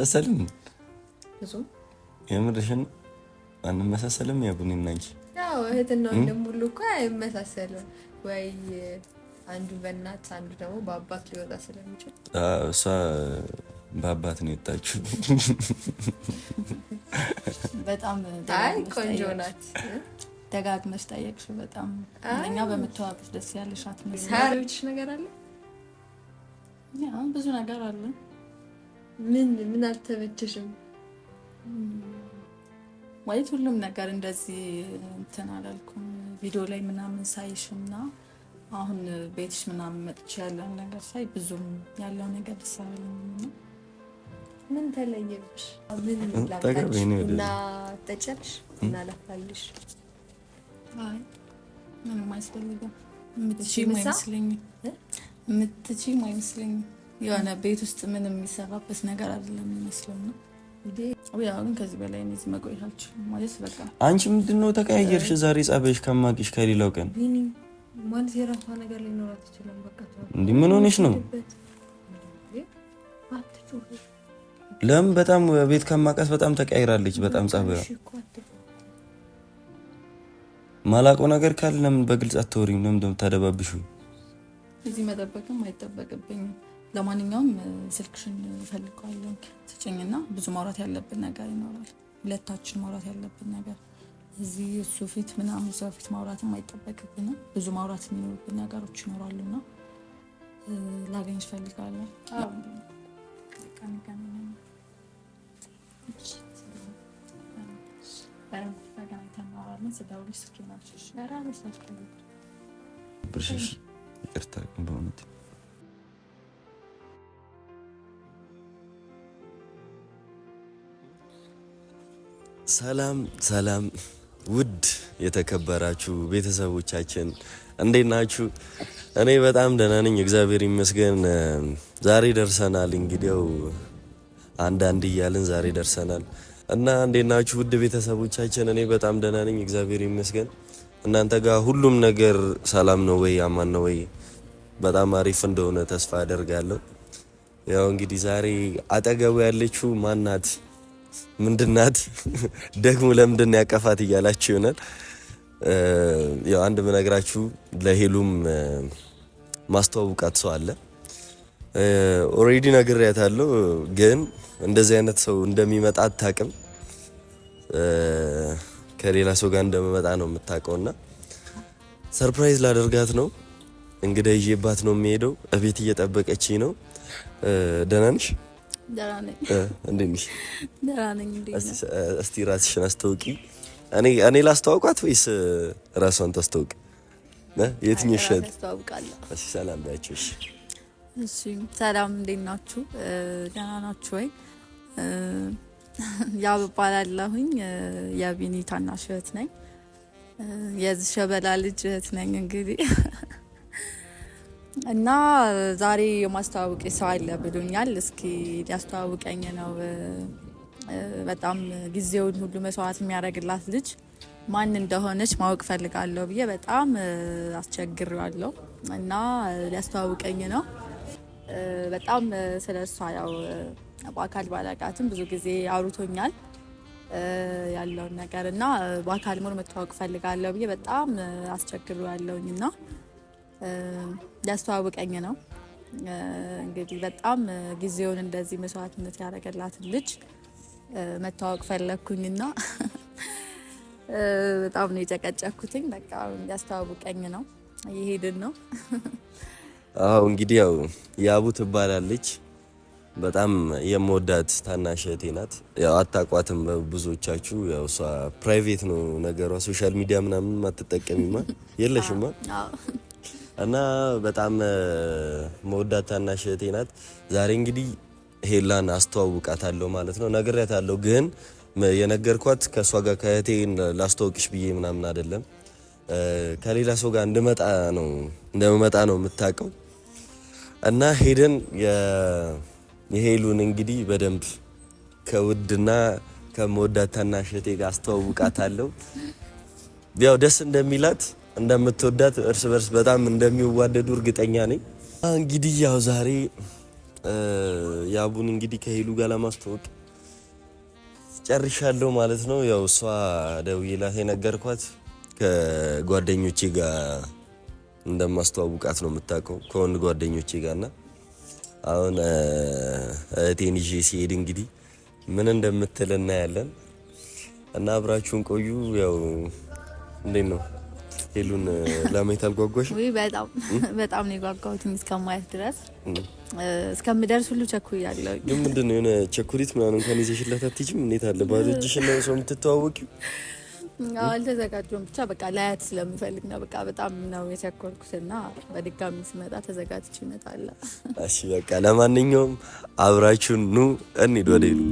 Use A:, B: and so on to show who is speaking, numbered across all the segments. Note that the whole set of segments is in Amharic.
A: አንመሳሰልም። የምርሽን አንመሳሰልም። የቡኒና እንጂ
B: እህትና ወንድም ሁሉ እኮ አይመሳሰልም ወይ አንዱ በእናት አንዱ ደግሞ በአባት ሊወጣ ስለሚችል
A: እሷ በአባት ነው የወጣችሁ።
B: በጣም አይ ቆንጆ ናት። ደጋግመሽ ጠየቅሽ። በጣም እኛ በምትዋቅሽ ደስ ያለሽ አትመስልም። ነገር አለ ብዙ ነገር አለ ምን ምን አልተመቸሽም? ማለት ሁሉም ነገር እንደዚህ እንትን አላልኩም። ቪዲዮ ላይ ምናምን ሳይሽም ሳይሽና አሁን ቤትሽ ምናምን መጥቼ ያለውን ነገር ሳይ ብዙም ያለው ነገር ደስ ምን ተለየብሽ?
A: ምን ላፋልሽ እና
B: እና ላፋልሽ? ምንም አያስፈልግም። የምትችይም አይመስለኝም። የምትችይም አይመስለኝም የሆነ ቤት ውስጥ ምንም የሚሰራበት ነገር አይደለም የሚመስለው ነው። ግን ከዚህ በላይ እኔ እዚህ መቆየት አልችልም ማለት በቃ።
A: አንቺ ምንድን ነው ተቀያየርሽ? ዛሬ ጸበሽ ከማቅሽ ከሌላው ቀን
B: ማለት የራሷ ነገር ሊኖራት ይችላል። በቃ
A: ምን ሆነሽ ነው? ለምን በጣም ቤት ከማቀስ በጣም ተቀያይራለች። በጣም ጸባይዋ ማላቆ ነገር ካለ ለምን በግልጽ አትወሪም? ለምን እንደምታደባብሹ
B: እዚህ መጠበቅም አይጠበቅብኝም ለማንኛውም ስልክሽን እፈልገዋለሁ ስጭኝና ብዙ ማውራት ያለብን ነገር ይኖራል። ሁለታችን ማውራት ያለብን ነገር እዚህ እሱ ፊት ምናምን ሰው ፊት ማውራትም አይጠበቅብንም። ብዙ ማውራት የሚኖርብን ነገሮች ይኖራሉና ላገኝ እፈልጋለሁ።
A: ይቅርታ በእውነት ሰላም ሰላም ውድ የተከበራችሁ ቤተሰቦቻችን እንዴት ናችሁ? እኔ በጣም ደህና ነኝ፣ እግዚአብሔር ይመስገን። ዛሬ ደርሰናል። እንግዲያው አንዳንድ እያልን ዛሬ ደርሰናል እና እንዴት ናችሁ ውድ ቤተሰቦቻችን? እኔ በጣም ደህና ነኝ፣ እግዚአብሔር ይመስገን። እናንተ ጋር ሁሉም ነገር ሰላም ነው ወይ? አማን ነው ወይ? በጣም አሪፍ እንደሆነ ተስፋ አደርጋለሁ። ያው እንግዲህ ዛሬ አጠገቡ ያለችው ማናት ምንድናት ደግሞ ለምንድን ያቀፋት እያላችሁ ይሆናል። ያው አንድ ምነግራችሁ ለሄሉም ማስተዋወቃት ሰው አለ። ኦሬዲ ነግሬያታለሁ፣ ግን እንደዚህ አይነት ሰው እንደሚመጣ አታውቅም። ከሌላ ሰው ጋር እንደመመጣ ነው የምታውቀውና ሰርፕራይዝ ላደርጋት ነው እንግዲህ ይዤባት ነው የሚሄደው። እቤት እየጠበቀች ነው። ደህና ነሽ? እስቲ ራስሽን አስታውቂ። እኔ ላስተዋውቃት ወይስ ራሷን ታስተዋውቅ? የትኛው ሸት ሰላም ያቸው?
B: እሺ ሰላም፣ እንዴት ናችሁ? ደህና ናችሁ ወይ? ያብ እባላለሁኝ። የቢኒ ታናሽ እህት ነኝ። የዚህ ሸበላ ልጅ እህት ነኝ እንግዲህ እና ዛሬ የማስተዋወቅ ሰው አለ ብሎኛል። እስኪ ሊያስተዋውቀኝ ነው። በጣም ጊዜውን ሁሉ መስዋዕት የሚያደርግላት ልጅ ማን እንደሆነች ማወቅ ፈልጋለሁ ብዬ በጣም አስቸግሬዋለሁ እና ሊያስተዋውቀኝ ነው። በጣም ስለ እሷ ያው በአካል ባላቃትም ብዙ ጊዜ አውርቶኛል ያለውን ነገር እና በአካል ሞር መተዋወቅ ፈልጋለሁ ብዬ በጣም አስቸግሬዋለሁኝ እና ሊያስተዋውቀኝ ነው። እንግዲህ በጣም ጊዜውን እንደዚህ መስዋዕትነት ያደረገላትን ልጅ መታወቅ ፈለግኩኝና በጣም ነው የጨቀጨኩትኝ። በቃ ሊያስተዋውቀኝ ነው። እየሄድን ነው።
A: አዎ እንግዲህ ያው ያቡ ትባላለች። በጣም የምወዳት ታናሽ እህቴ ናት። ያው አታቋትም ብዙዎቻችሁ። ያው እሷ ፕራይቬት ነው ነገሯ። ሶሻል ሚዲያ ምናምን አትጠቀሚማ የለሽማ እና በጣም መወዳት ታናሽ እህቴ ናት። ዛሬ እንግዲህ ሄላን አስተዋውቃታለሁ ማለት ነው። ነግሬያታለሁ፣ ግን የነገርኳት ከእሷ ጋር ከእህቴ ላስተዋውቅሽ ብዬ ምናምን አይደለም። ከሌላ ሰው ጋር እንደመጣ ነው እንደመጣ ነው የምታውቀው እና ሄደን የሄሉን እንግዲህ በደንብ ከውድና ከመወዳት ታናሽ እህቴ ጋር አስተዋውቃታለሁ። ያው ደስ እንደሚላት እንደምትወዳት እርስ በርስ በጣም እንደሚዋደዱ እርግጠኛ ነኝ። እንግዲህ ያው ዛሬ የአቡን እንግዲህ ከሄሉ ጋር ለማስተዋወቅ ጨርሻለሁ ማለት ነው። ያው እሷ ደውዬላት የነገርኳት ከጓደኞቼ ጋር እንደማስተዋውቃት ነው የምታውቀው፣ ከወንድ ጓደኞቼ ጋርና አሁን እህቴን ይዤ ሲሄድ እንግዲህ ምን እንደምትል እናያለን እና አብራችሁን ቆዩ። ያው እንዴት ነው ሄሉን ለማየት አልጓጓሽም?
B: ውይ በጣም በጣም ነው የጓጓሁት እስከማየት ድረስ እስከምደርስ ሁሉ ቸኩያለሁ።
A: ግን ምንድን ነው የሆነ ቸኩሪት ምናምን እንኳን ይዘሽላት አትሄጂም? እንዴት አለ ባዶ እጅሽን ነው ሰው የምትተዋወቂው?
B: አልተዘጋጀሁም። ብቻ በቃ ላያት ስለምፈልግ ነው። በቃ በጣም ነው የቸኮልኩትና በድጋሚ ስመጣ ተዘጋጅቼ እመጣለሁ።
A: እሺ በቃ ለማንኛውም አብራችሁን ኑ እንሂድ ወደ ሄሉ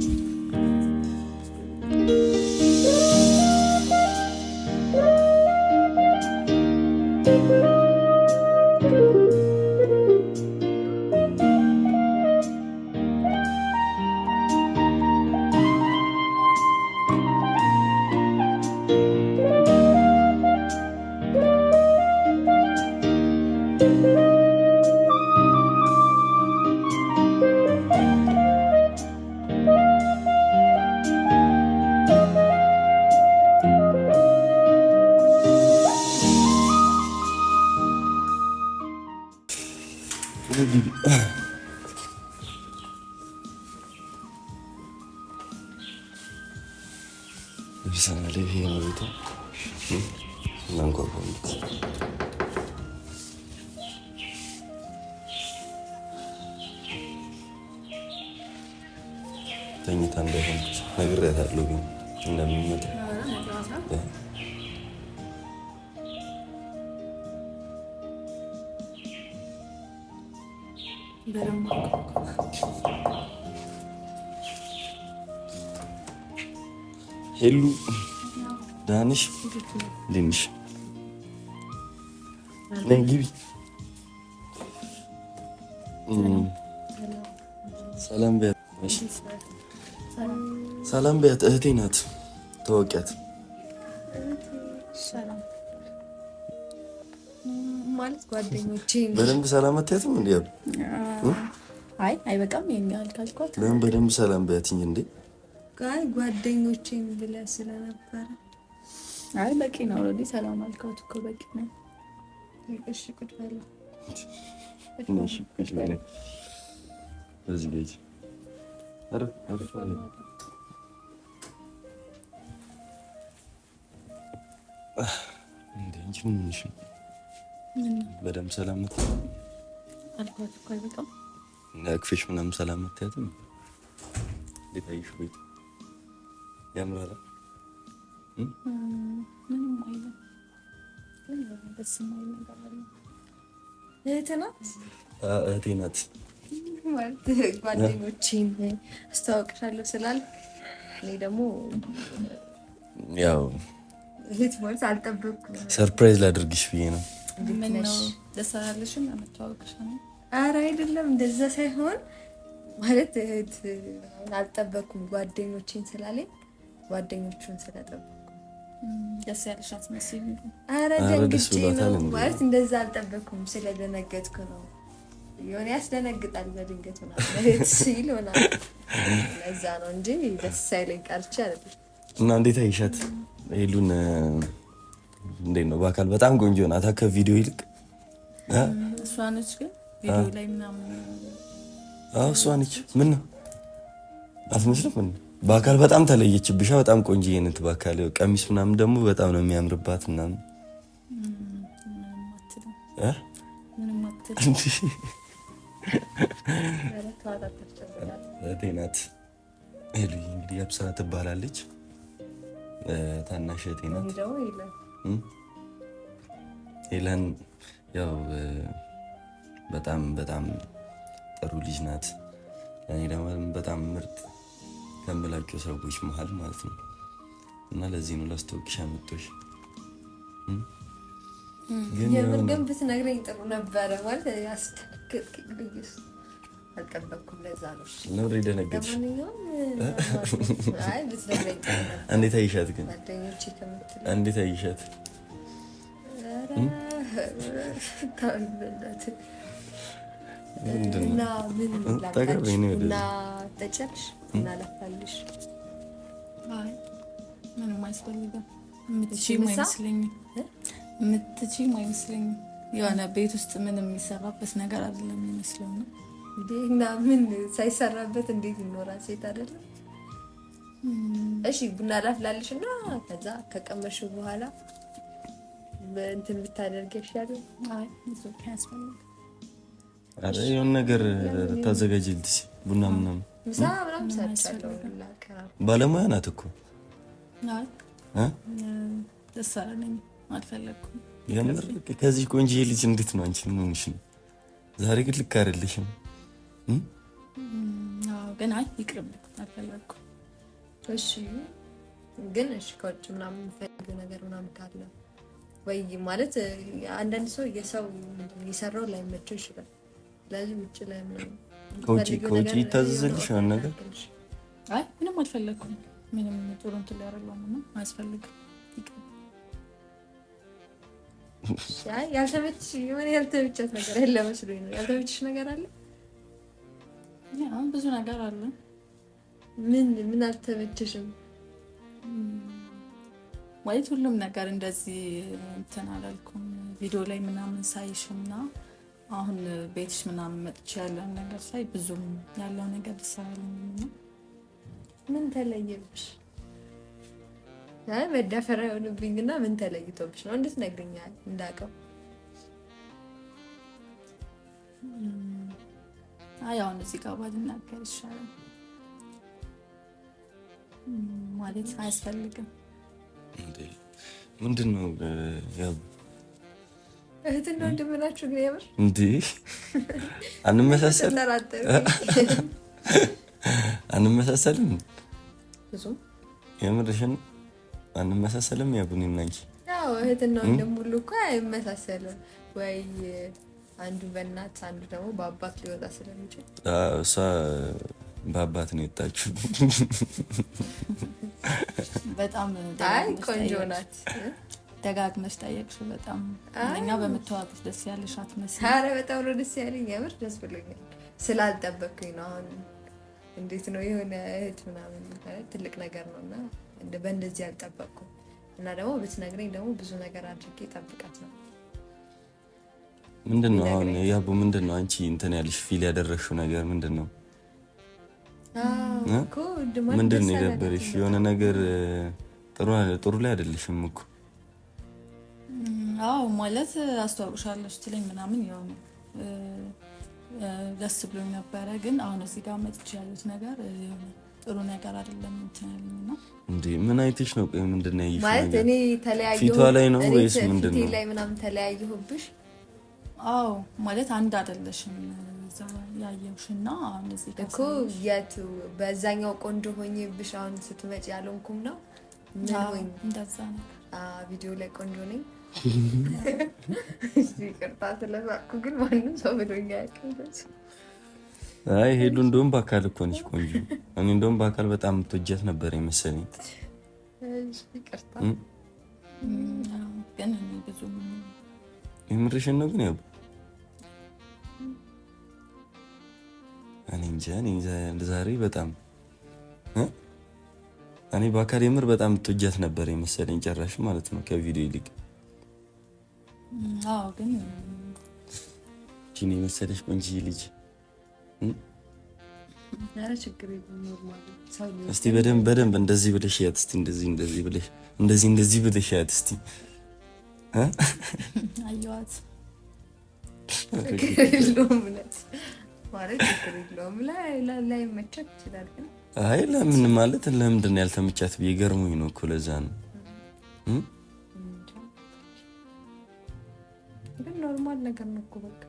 A: ሄሉ ደህና ነሽ? እንዴት ነሽ? ነይ ግቢ። ሰላም በያት። ሰላም በያት። እህቴ ናት፣ ተወቂያት በደንብ ሰላም አትያትም እንዲ
B: አይ አይበቃም። ይሄን
A: በደንብ ሰላም በያትኝ እንዴ
B: አይ ጓደኞቼን ብለ ስለነበረ አይ በቂ ነው። ኦልሬዲ ሰላም አልከውት እኮ በቂ ነው። እሺ ቁጭ በለው።
A: በደምብ ሰላም
B: አልኳት እኮ አይበቃም።
A: ክፌሽ ምናምን ሰላም አትያትም? መታየትም ቤት ያምራል። እህት ናት፣ እህቴ ናት።
B: ጓደኞቼን አስተዋውቅሻለሁ ስላልክ እኔ ደግሞ ያው እህት ማለት አልጠበኩም።
A: ሰርፕራይዝ ላድርግሽ ብዬ ነው።
B: ምነው አይደለም እንደዛ ሳይሆን ማለት እህት አልጠበኩም ጓደኞቼን ስላለኝ ጓደኞቹን ስለጠበቁ ደስ ያለሻት አትመስይም። ኧረ ደንግጬ ነው ማለት እንደዛ አልጠበኩም፣ ስለደነገጥኩ ነው። የሆነ ያስደነግጣል በድንገት ምናምን ሲል ሆናል። እዛ ነው እንጂ ደስ አይለኝ ቀርቼ አይደለም።
A: እና እንዴት አይሻት ሄሉን? እንዴት ነው በአካል በጣም ቆንጆ ናታ። ከቪዲዮ ይልቅ
B: እሷ ግን ቪዲዮ ላይ ምናምን
A: እሷ ነች። ምን ነው አትመስልም? ምን ነው በአካል በጣም ተለየችብሻ። በጣም ቆንጆዬ ናት በአካል ቀሚስ ምናምን ደግሞ በጣም ነው የሚያምርባት ምናምን ቴናት እንግዲህ አብስራ ትባላለች። ታናሽ ናት። ሄለን ያው በጣም በጣም ጥሩ ልጅ ናት። ለእኔ ደግሞ በጣም ምርጥ ከምላቸው ሰዎች መሀል ማለት ነው። እና ለዚህ ነው ላስታውቅሽ ያመጣሁሽ።
B: ግን ብትነግረኝ ጥሩ ነበረ። ማለት ያስደነገጥኩሽ አልጠበኩም። ለዛ ነው
A: ነብሬ ደነገጥሽ። እንዴት አይሻት ግን እንዴት አይሻት ምንድነው?
B: የምትችይም አይመስለኝም። የሆነ ቤት ውስጥ ምን የሚሰራበት ነገር አይደለም የሚመስለው ነው። እና ምን ሳይሰራበት እንዴት ይኖራል? ሴት አይደለም። እሺ ቡና ላፍላልሽ እና ከዛ በኋላ እንትን ብታደርግ ይሻላል። ያስፈልግ
A: የሆነ ነገር ታዘጋጅልሽ ቡና ምናምን ባለሙያ ናት እኮ የምር ከዚህ ቆንጆ ልጅ እንዴት ነው አንቺን መሆንሽ ነው? ዛሬ ግን ልክ አይደለሽም።
B: ግን እሺ ከውጭ ምናምን የምፈልገው ነገር ምናምን ካለ ወይ ማለት አንዳንድ ሰው የሰው የሰራው ላይመቸው ይችላል። ለዚህ ውጭ ላይ
A: ከውጭ ከውጭ ያን ነገር
B: አይ ምንም አልፈለግኩም። ምንም ጥሩ እንትን ሊያደርገውም እና አያስፈልግም። ያልተመቸሽ ያልተመቸት ነገር የለ ነው። ያልተመቸሽ ነገር አለ? ብዙ ነገር አለ። ምን ምን አልተመቸሽም? ማለት ሁሉም ነገር እንደዚህ እንትን አላልኩም። ቪዲዮ ላይ ምናምን ሳይሽ እና አሁን ቤትሽ ምናምን መጥቼ ያለውን ነገር ሳይ ብዙም ያለው ነገር ደስ አላለኝም። ምን ተለየብሽ? መዳፈሪያ የሆንብኝና ምን ተለይቶብሽ ነው እንድትነግሪኛል እንዳውቀው። አይ አሁን እዚህ ጋር ባልናገር ይሻላል። ማለት አያስፈልግም። ምንድን ነው እህትና ወንድም ናችሁ። ግን የምር
A: እንዲህ አንመሳሰል አንመሳሰልም፣ የምርሽን አንመሳሰልም። ያቡኒ እና
B: እህትና ወንድም ሁሉ እኮ አይመሳሰልም ወይ አንዱ በእናት አንዱ ደግሞ በአባት ሊወጣ ስለሚችል
A: እሷ በአባት ነው የወጣችሁ።
B: በጣም ቆንጆ ናት። ደጋግመሽ ጠየቅሽ። በጣም እኛ በምታወቅሽ ደስ ያለሽ አትመስል። ኧረ በጣም ነው ደስ ያለኝ። የምር ደስ ብሎኛል። ስላልጠበኩኝ ነው። አሁን እንዴት ነው የሆነ እህት ምናምን ትልቅ ነገር ነው እና እንደ በእንደዚህ አልጠበቅኩም። እና ደግሞ ብትነግረኝ ደግሞ ብዙ ነገር አድርጌ ጠብቃት ነው።
A: ምንድን ነው አሁን ያቡ፣ ምንድን ነው አንቺ እንትን ያለሽ ፊል ያደረግሽው ነገር ምንድን ነው? ምንድን ነው የደበረሽ? የሆነ ነገር ጥሩ ላይ አይደለሽም እኮ
B: አዎ ማለት አስተዋውቅሻለች ትለኝ ምናምን ያው ደስ ብሎኝ ነበረ። ግን አሁን እዚህ ጋር መጥቼ ያሉት ነገር ጥሩ ነገር አይደለም። ትናልና
A: ምን አይተሽ ነው? ቆይ ምንድን ነው
B: ማለት እኔ ተለያየሁ ፊቷ ላይ ነው ወይስ ምንድን ነው ፊቴ ላይ ምናምን ተለያየሁብሽ? አዎ ማለት አንድ አይደለሽም ያየሁሽ አሁን እዚህ ጋር እኮ የቱ በዛኛው ቆንጆ ሆኜብሽ አሁን ስትመጪ ያለንኩም ነው ምን ሆኝ እንደዛ ነው ቪዲዮ ላይ ቆንጆ ነኝ ይቅርታ ስለሳቅኩ፣ ግን ማንም ሰው ብሎኛ ያቅበት
A: አይ ሄዱ እንደውም በአካል እኮ ነች ቆንጆ። እኔ እንደውም በአካል በጣም የምትወጃት ነበር የመሰለኝ። የምርሽን ነው? ግን ያው እኔ እንጃ ዛሬ በጣም እኔ በአካል የምር በጣም የምትወጃት ነበር የመሰለኝ ጨራሽ ማለት ነው ከቪዲዮ ይልቅ ግን ጂኒ የመሰለሽ ቆንጆዬ ልጅ እስቲ በደንብ በደንብ እንደዚህ ብለሽ ያት እስቲ እንደዚህ እንደዚህ ብለሽ እንደዚህ እንደዚህ ብለሽ ያት እስቲ አየዋት አይ ለምን ማለት ለምንድን ነው ያልተመቻት ብዬ ገርሞኝ ነው እኮ ለዛ ነው
B: ግን ኖርማል ነገር ነው እኮ በቃ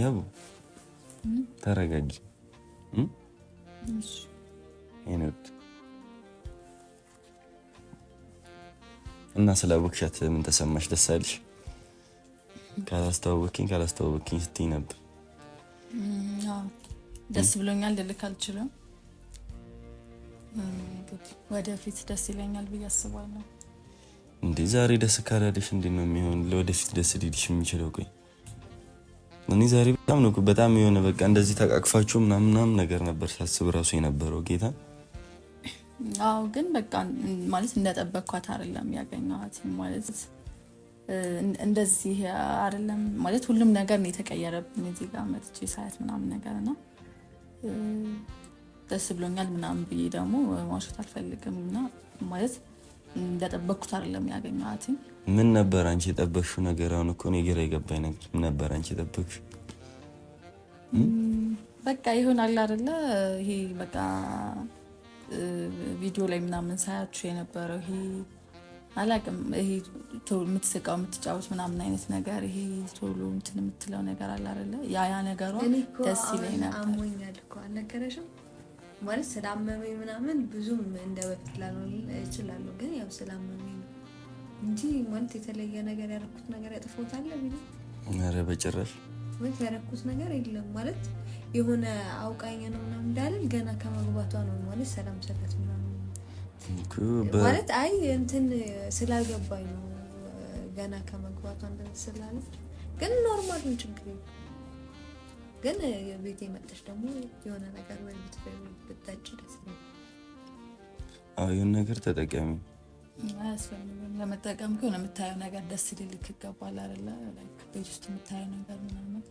A: ያቡ ተረጋጊ። እና ስለ ቦክሻት ምን ተሰማሽ? ደስ አለሽ? ካላስተዋወቅኝ ካላስተዋወቅኝ ስትይ ነበር።
B: ደስ ብሎኛል፣ ልልክ አልችልም። ወደፊት ደስ ይለኛል ብዬ አስባለሁ።
A: እንዴ ዛሬ ደስ ካላለሽ እንዴት ነው የሚሆን? ለወደፊት ደስ ሊልሽ የሚችለው? ቆይ እኔ ዛሬ በጣም ነው በጣም የሆነ በቃ እንደዚህ ተቃቅፋችሁ ምናምናም ነገር ነበር ሳስብ ራሱ የነበረው ጌታ።
B: አዎ ግን በቃ ማለት እንደጠበቅኳት አይደለም ያገኘኋት ማለት እንደዚህ አይደለም ማለት ሁሉም ነገር ነው የተቀየረብን። እዚህ ጋር መጥቼ ሳያት ምናምን ነገር ነው ደስ ብሎኛል ምናምን ብዬ ደግሞ ማውሸት አልፈልግም እና ማለት እንደጠበቅኩት አይደለም ያገኘኋት።
A: ምን ነበር አንቺ የጠበቅሽው ነገር? አሁን እኮ እኔ ግራ የገባኝ ነገር ምን ነበር አንቺ የጠበቅሽው?
B: በቃ ይሆናል አይደለ? ይሄ በቃ ቪዲዮ ላይ ምናምን ሳያችሁ የነበረው ይሄ አላቅም፣ ይሄ የምትስቃው የምትጫወት ምናምን አይነት ነገር ይሄ ቶሎ እንትን የምትለው ነገር አለ አይደለ? ያ ያ ነገሯ ደስ ይለኝ ነበር። አልነገረሽም? ማለት ስላመመኝ ምናምን ብዙም እንደ በፊት ላልሆን እችላለሁ፣ ግን ያው ስላመመኝ ነው እንጂ ማለት የተለየ ነገር ያደረኩት ነገር ያጥፎታል ቢ
A: ኧረ በጭራሽ
B: ወይ ያደረኩት ነገር የለም። ማለት የሆነ አውቃኝ ነው ምናምን እንዳለን ገና ከመግባቷ ነው ማለት ሰላም ሰለት ምናምን ማለት አይ እንትን ስላልገባኝ ነው ገና ከመግባቷ እንደት ግን ኖርማል ነው ችግር ግን ቤቴ መጠሽ ደግሞ የሆነ ነገር ወይ ብትጠጪ ደስ ነው።
A: ይሁን ነገር ተጠቀሚ
B: ለመጠቀም ከሆነ የምታየው ነገር ደስ ሊልክ ይገባል አይደለ? ቤት ውስጥ የምታየው ነገር ምናምን።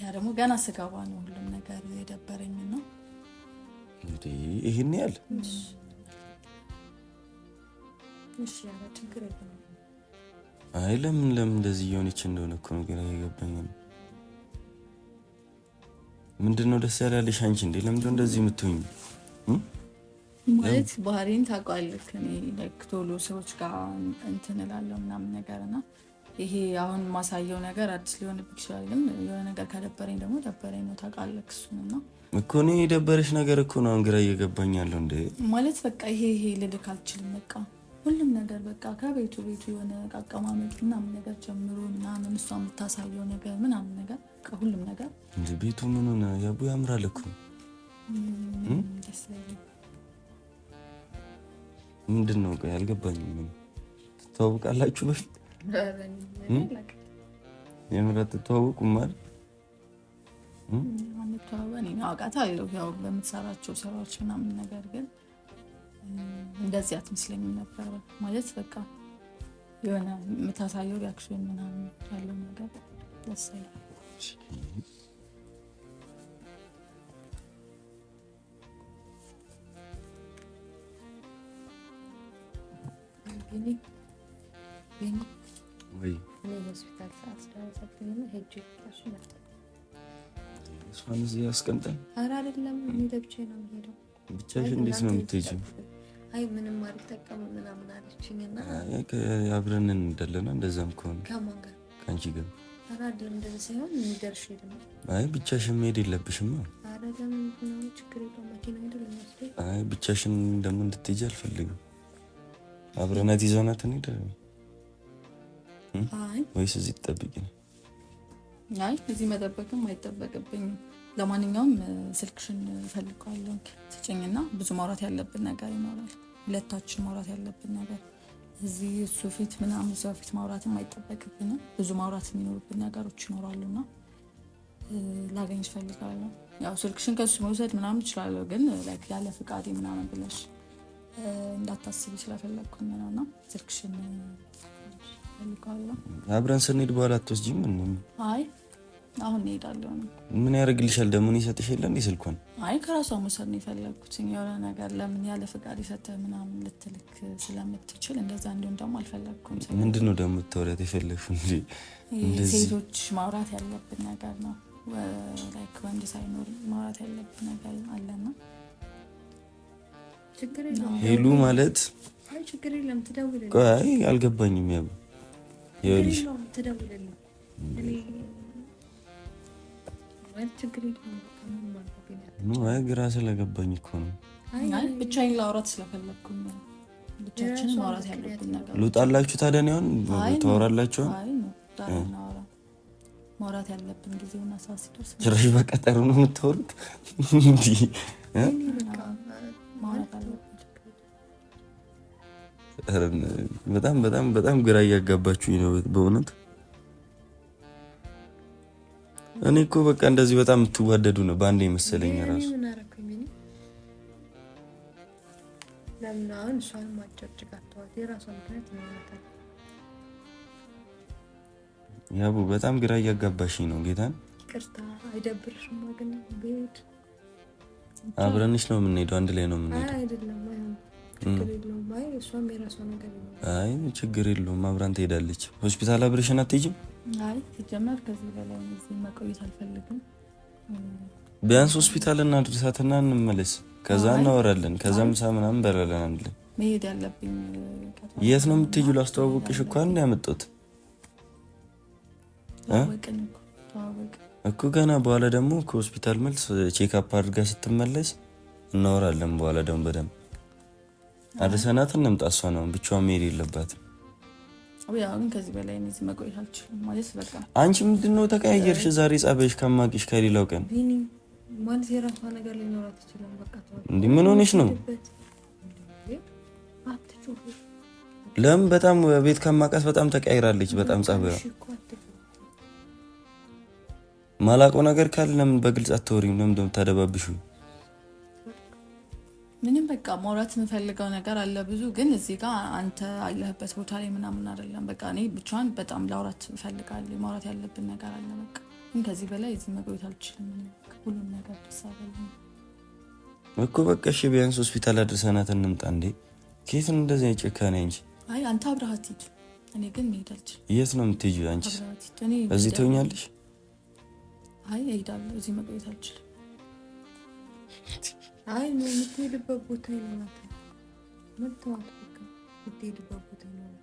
B: ያ ደግሞ ገና ስገባ ነው ሁሉም ነገር የደበረኝ ነው።
A: እንግዲህ ይህን ያህል አይ ለምን ለምን እንደዚህ እየሆነች እንደሆነ እኮ ነው ግራ ምንድን ነው ደስ ያላለሽ አንቺ? እንዴ ለምንድነው እንደዚህ የምትሆኝ?
B: ማለት ባህሪን ታውቃለህ። እኔ ቶሎ ሰዎች ጋር እንትን እላለሁ ምናምን ነገር እና ይሄ አሁን ማሳየው ነገር አዲስ ሊሆንብህ ይችላል፣ ግን የሆነ ነገር ከደበረኝ ደግሞ ደበረኝ ነው ታውቃለህ። እሱን እና
A: እኮ እኔ የደበረሽ ነገር እኮ ነው አሁን ግራ እየገባኝ ያለው። እንደ
B: ማለት በቃ ይሄ ይሄ ልልክ አልችልም። በቃ ሁሉም ነገር በቃ ከቤቱ ቤቱ የሆነ አቀማመጥ ምናምን ነገር ጀምሮ ምናምን እሷ የምታሳየው ነገር ምናምን ነገር በቃ ሁሉም ነገር
A: እንደ ቤቱ ምኑን ያቡ ያምራል እኮ ምንድን ነው ያልገባኝም። ምን ትተዋውቃላችሁ? በፊት የምር አትተዋውቁም ማል
B: ያው በምትሰራቸው ስራዎች ምናምን ነገር ግን እንደዚህ አትመስለኝም ነበረ ማለት በቃ የሆነ የምታሳየው ሪያክሽን ምናምን ያለው ነገር ደስ ይላል። 있지. ግን ግን ወይ እኔ ሆስፒታል ሰዓት ስለረዘብኝ ነው ሄጄ ራሱ መጣ።
A: እሷን እዚህ አስቀምጠን?
B: ኧረ አይደለም፣ እኔ ለብቻዬ ነው የምሄደው።
A: ብቻሽ እንዴት ነው የምትሄጂው?
B: አይ ምንም አልጠቀምም ምናምን አለችኝ እና
A: አብረን እንዳለና እንደዛም ከሆነ ከማን ጋር? ከአንቺ ጋር አይ ብቻሽን መሄድ የለብሽም። አይ ብቻሽን ደግሞ እንድትሄጂ አልፈልግም። አብረናት ይዘናት እንሄዳለን ወይስ እዚህ ትጠብቂ
B: አይ እዚህ መጠበቅም አይጠበቅብኝም። ለማንኛውም ስልክሽን እፈልገዋለሁ ስጭኝና ብዙ ማውራት ያለብን ነገር ይኖራል። ሁለታችን ማውራት ያለብን ነገር እዚህ እሱ ፊት ምናምን እዚያ ፊት ማውራትም አይጠበቅብንም። ብዙ ማውራት የሚኖሩብን ነገሮች ይኖራሉና ላገኝ እፈልጋለሁ። ያው ስልክሽን ከሱ መውሰድ ምናምን እችላለሁ፣ ግን ያለ ፍቃዴ ምናምን ብለሽ እንዳታስቢ ስለፈለግኩኝ ነው። እና ስልክሽን እፈልጋለሁ።
A: አብረን ስንሄድ በኋላ አትወስጂም?
B: አይ አሁን እሄዳለሁ።
A: ምን ያደርግልሻል ደግሞ? ይሰጥሽ የለ እንዴ ስልኳን?
B: አይ ከራሷ መውሰድ ነው የፈለግኩት። የሆነ ነገር ለምን ያለ ፍቃድ የሰጠ ምናምን ልትልክ ስለምትችል እንደዛ እንዲሁም ደግሞ አልፈለግኩም።
A: ምንድን ነው ደግሞ ተወሪያት የፈለግሽው?
B: እንደ ሴቶች ማውራት ያለብን ነገር ነው። ላይክ ወንድ ሳይኖር ማውራት ያለብን ነገር አለና
A: ሄሉ ማለት አልገባኝም። ያብ ይኸውልሽ ግራ ስለገባኝ እኮ ነው።
B: ብቻዬን ላውራት ስለፈለግኩ ብቻችን ማውራት ያለብን ነገር
A: ልውጣላችሁ። ታዲያ ነው ታወራላችሁ።
B: ማውራት ያለብን ሰዓት ሲደርስ
A: ጭራሽ በቀጠሩ ነው የምታወሩት። በጣም በጣም በጣም ግራ እያጋባችሁኝ ነው በእውነት እኔ እኮ በቃ እንደዚህ በጣም የምትዋደዱ ነው በአንድ የመሰለኝ ራሱ ያቡ በጣም ግራ እያጋባሽ ነው ጌታን አብረንሽ ነው የምንሄደው አንድ ላይ ነው
B: የምንሄደው
A: አይ ችግር የለውም አብራን ትሄዳለች ሆስፒታል አብረሽን አትሄጂም
B: አይ ሲጀመር ከዚህ በላይ እዚህ መቆየት አልፈልግም።
A: ቢያንስ ሆስፒታል እናድርሳትና እንመለስ። ከዛ እናወራለን። ከዛ ምሳ ምናምን በላለን አንድ
B: መሄድ ያለብኝ
A: የት ነው የምትዩ? ላስተዋወቅሽ እኳ አንድ ያመጡት እኮ ገና። በኋላ ደግሞ ከሆስፒታል መልስ ቼክአፕ አድርጋ ስትመለስ እናወራለን። በኋላ ደግሞ በደንብ አድርሰናት እንምጣ። እሷ ነው ብቻዋን መሄድ የለባትም።
B: አሁን ከዚህ በላይ እኔ እዚህ መቆየት አልችልም ማለት በቃ።
A: አንቺ ምንድን ነው ተቀያየርሽ? ዛሬ ጸበሽ ከማቂሽ ከሌላው ቀን
B: ማለት የራሷ ነገር ሊኖራት ይችላል። በቃ
A: እንዲህ ምን ሆነሽ ነው? ለም በጣም ቤት ከማቀስ በጣም ተቀያይራለች። በጣም ጸበያ ማላቆ ነገር ካለ ለምን በግልጽ አትወሪም? ለምን ተደባብሽው?
B: ምንም በቃ ማውራት የምፈልገው ነገር አለ ብዙ፣ ግን እዚህ ጋር አንተ አለህበት ቦታ ላይ ምናምን አይደለም። በቃ እኔ ብቻዋን በጣም ላውራት እፈልጋለሁ። ማውራት ያለብን ነገር አለ። በቃ ግን ከዚህ በላይ እዚህ መቆየት አልችልም። ሁሉም ነገር ደስ አይልም
A: እኮ በቃ እሺ፣ ቢያንስ ሆስፒታል አድርሰናት እንምጣ። እንዴ ከየትን እንደዚህ ጭካኔ እንጂ።
B: አይ አንተ አብረሃት ሂድ፣ እኔ ግን መሄድ አልችልም።
A: የት ነው የምትሄጂው አንቺ? እዚህ ትሆኛለሽ?
B: አይ እሄዳለሁ። እዚህ መቆየት አልችልም። አይ የምትሄድበት ቦታ ይልማታል። መተዋት የምትሄድበት ቦታ ይልማታል።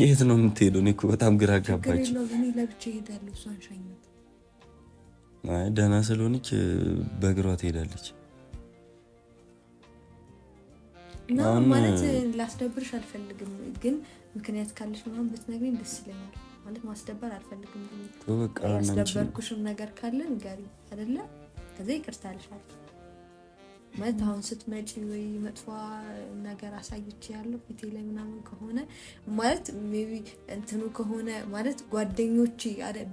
A: የት ነው የምትሄደው? እኔ እኮ በጣም ግራ አጋባች።
B: ለብቻ እሄዳለሁ። እሷን ሸኛት።
A: አይ ደህና ስለሆነች በእግሯ ትሄዳለች።
B: ማለት ላስደብርሽ አልፈልግም፣ ግን ምክንያት ካለሽ ምናምን ብትነግሪኝ ደስ ይለኛል። ማለት ማስደበር አልፈልግም። ያስደበርኩሽም ነገር ካለ ንገሪኝ አይደለ? ከዚያ ይቅርታ ማለት አሁን ስትመጪ ወይ መጥፎ ነገር አሳይቼ ያለው ፊቴ ላይ ምናምን ከሆነ ማለት ቢ እንትኑ ከሆነ ማለት ጓደኞቼ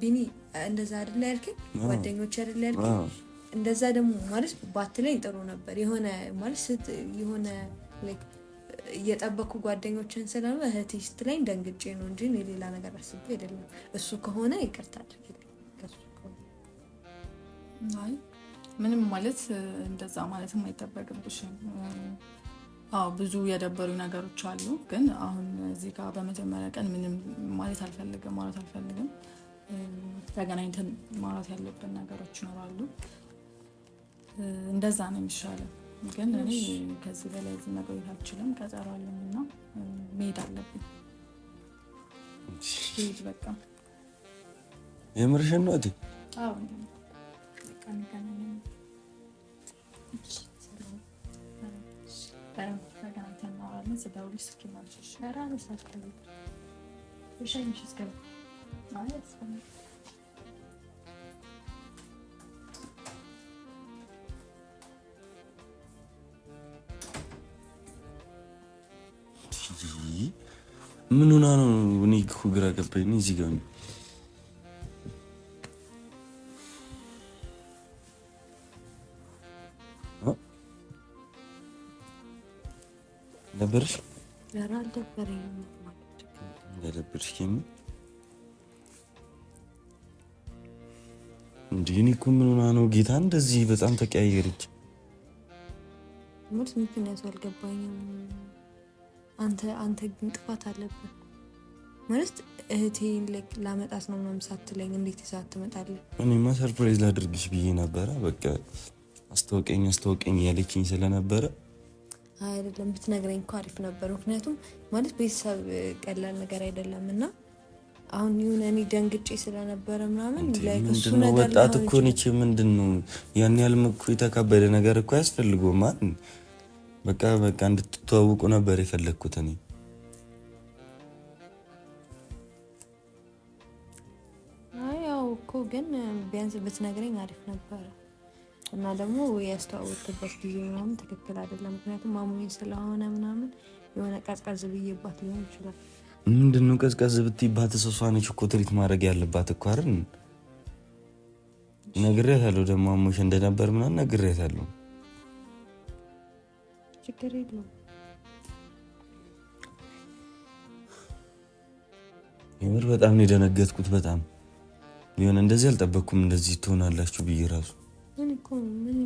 B: ቢኒ እንደዛ አይደለ ያልከኝ ጓደኞቼ አይደለ ያልከኝ እንደዛ ደግሞ ማለት ባትለኝ ጥሩ ነበር። የሆነ ማለት ስት የሆነ እየጠበኩ ጓደኞችን ስላሉ እህቴ ስትለኝ ደንግጬ ነው እንጂ የሌላ ነገር አስቤ አይደለም። እሱ ከሆነ ይቅርታል። ምንም ማለት እንደዛ ማለትም አይጠበቅብሽም። አዎ ብዙ የደበሩ ነገሮች አሉ፣ ግን አሁን እዚህ ጋር በመጀመሪያ ቀን ምንም ማለት አልፈልግም ማለት አልፈልግም። ተገናኝተን ማውራት ያለብን ነገሮች ይኖራሉ። እንደዛ ነው የሚሻለው። ግን እኔ ከዚህ በላይ እዚህ መቆየት አልችልም። ቀጠሮ አለኝ እና መሄድ አለብኝ። ሄድ በቃ የምርሽን ነው Ano ka naman? Pero wygląda na ładne, zabały wszystkie macie szarane, zatkali. Już nie wszystko. No jest fajnie.
A: ምን ሆና ነው? እኔ እኮ ግራ ገባኝ። እዚህ ጋር ነው አልደበረሽ?
B: ኧረ አልደበረኝም።
A: እንደደበረሽ ኬሚን እንዴ! እኔ እኮ ምን ሆና ነው ጌታ እንደዚህ በጣም ተቀያየረች?
B: ምርት ምክንያቱ አልገባኝም። አንተ አንተ ግን ጥፋት አለብን ማለት እህቴን ላመጣት ነው ምናምን ሳትለኝ እንዴት ሰዓት ትመጣለህ?
A: እኔማ ሰርፕራይዝ ላድርግሽ ብዬ ነበረ። በቃ አስታወቀኝ አስታወቀኝ ያለችኝ ስለነበረ
B: አይደለም ብትነግረኝ እኮ አሪፍ ነበር። ምክንያቱም ማለት ቤተሰብ ቀላል ነገር አይደለም እና አሁን ይሁን እኔ ደንግጬ ስለነበረ ምናምን
A: ወጣት እኮ ምንድን ነው ያን ያልም እኮ የተካበደ ነገር እኮ አያስፈልገውም። በቃ በቃ እንድትተዋውቁ ነበር የፈለግኩት እኔ
B: ያው እኮ ግን ቢያንስ ብትነግረኝ አሪፍ ነበረ። እና ደግሞ ያስተዋወቅበት ጊዜ ምናምን ትክክል አይደለም። ምክንያቱም ማሙኝ ስለሆነ ምናምን የሆነ ቀዝቀዝ ብዬባት ሊሆን ይችላል።
A: ምንድን ነው ቀዝቀዝ ብትይባት እሷ ነች እኮ ትሪት ማድረግ ያለባት እኮ አይደል? ነግሬያታለሁ። ደግሞ አሞሽ እንደነበር ምናምን ነግሬያታለሁ።
B: ችግር የለውም።
A: የምር በጣም ነው የደነገጥኩት። በጣም የሆነ እንደዚህ አልጠበቅኩም እንደዚህ ትሆናላችሁ ብዬ ራሱ
B: ምን እኮ ምን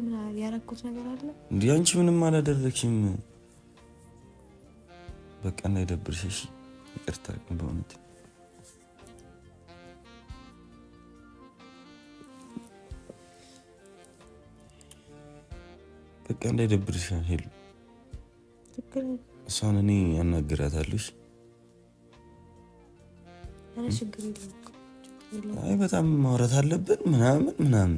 B: ያረኩት ነገር አለ?
A: እንዲህ አንቺ ምንም አላደረግሽም። በቃ እንዳይደብርሽ እሺ። ይቅርታ በእውነት በቃ እንዳይደብርሽ ሄሉ። እሷን እኔ አናግራታለሽ። አይ በጣም ማውራት አለብን ምናምን ምናምን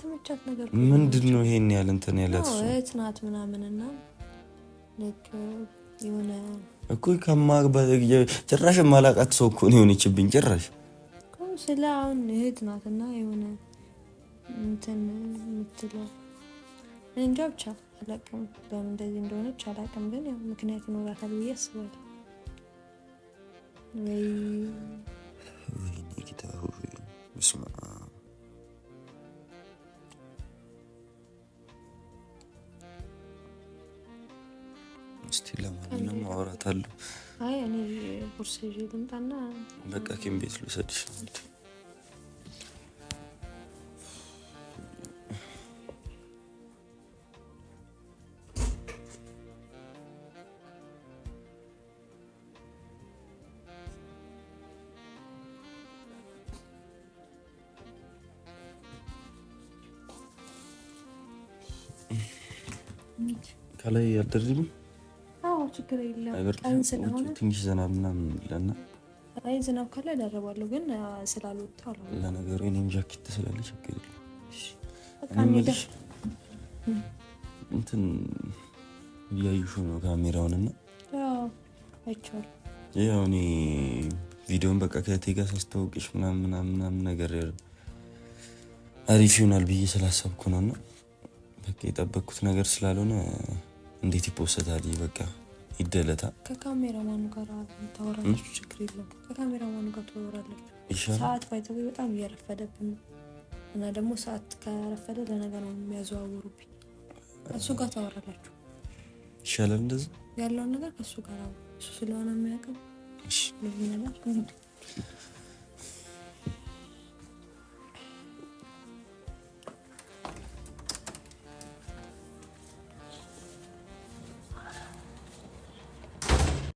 B: ያልተመቻት ነገር
A: ምንድን ነው? ይሄን ያህል እንትን ያላት
B: እህት ናት ምናምን እና የሆነ
A: እኮ ጭራሽ የማላውቃት ሰው እኮ የሆነችብኝ ጭራሽ
B: ስለ አሁን እህት ናት እና የሆነ እንትን የምትለው እንጃ ብቻ አላቅም። በምን እንደዚህ እንደሆነች አላቅም፣ ግን ምክንያት ይኖራታል ብዬ አስባለሁ ወይ እመጣለሁ። አይ እኔ ቦርሳ ይዤ ልምጣና
A: በቃ ኪም ቤት ልውሰድሽ። ከላይ አልደርድም ችግር የለም። ቀን ስለሆነ ትንሽ ዝናብ ምናምን ለና
B: አይ ዝናብ ካለ እደርባለሁ፣ ግን ስላልወጣ
A: ለነገሩ እኔም ጃኬት ስላለ ችግር የለም። እንትን እያዩሽ ነው ካሜራውን እና አይቼዋለሁ። ያው እኔ ቪዲዮን በቃ ከእቴ ጋር ሳስተዋውቅሽ ምናምን ምናምን ነገር አሪፍ ይሆናል ብዬ ስላሰብኩ ነው እና በቃ የጠበቅኩት ነገር ስላልሆነ እንዴት ይፖሰታል? በቃ ይደለታል።
B: ከካሜራማኑ ጋር ታወራላችሁ፣ ችግር የለም። ከካሜራማኑ ጋር ታወራላችሁ። ሰዓት ባይተው በጣም እያረፈደብን ነው እና ደግሞ ሰዓት ከረፈደ ለነገ ነው የሚያዘዋውሩብኝ። ከእሱ ጋር ታወራላችሁ ይሻላል። እንደዚ ያለውን ነገር ከእሱ ጋር እሱ ስለሆነ የሚያውቅም
A: ነገር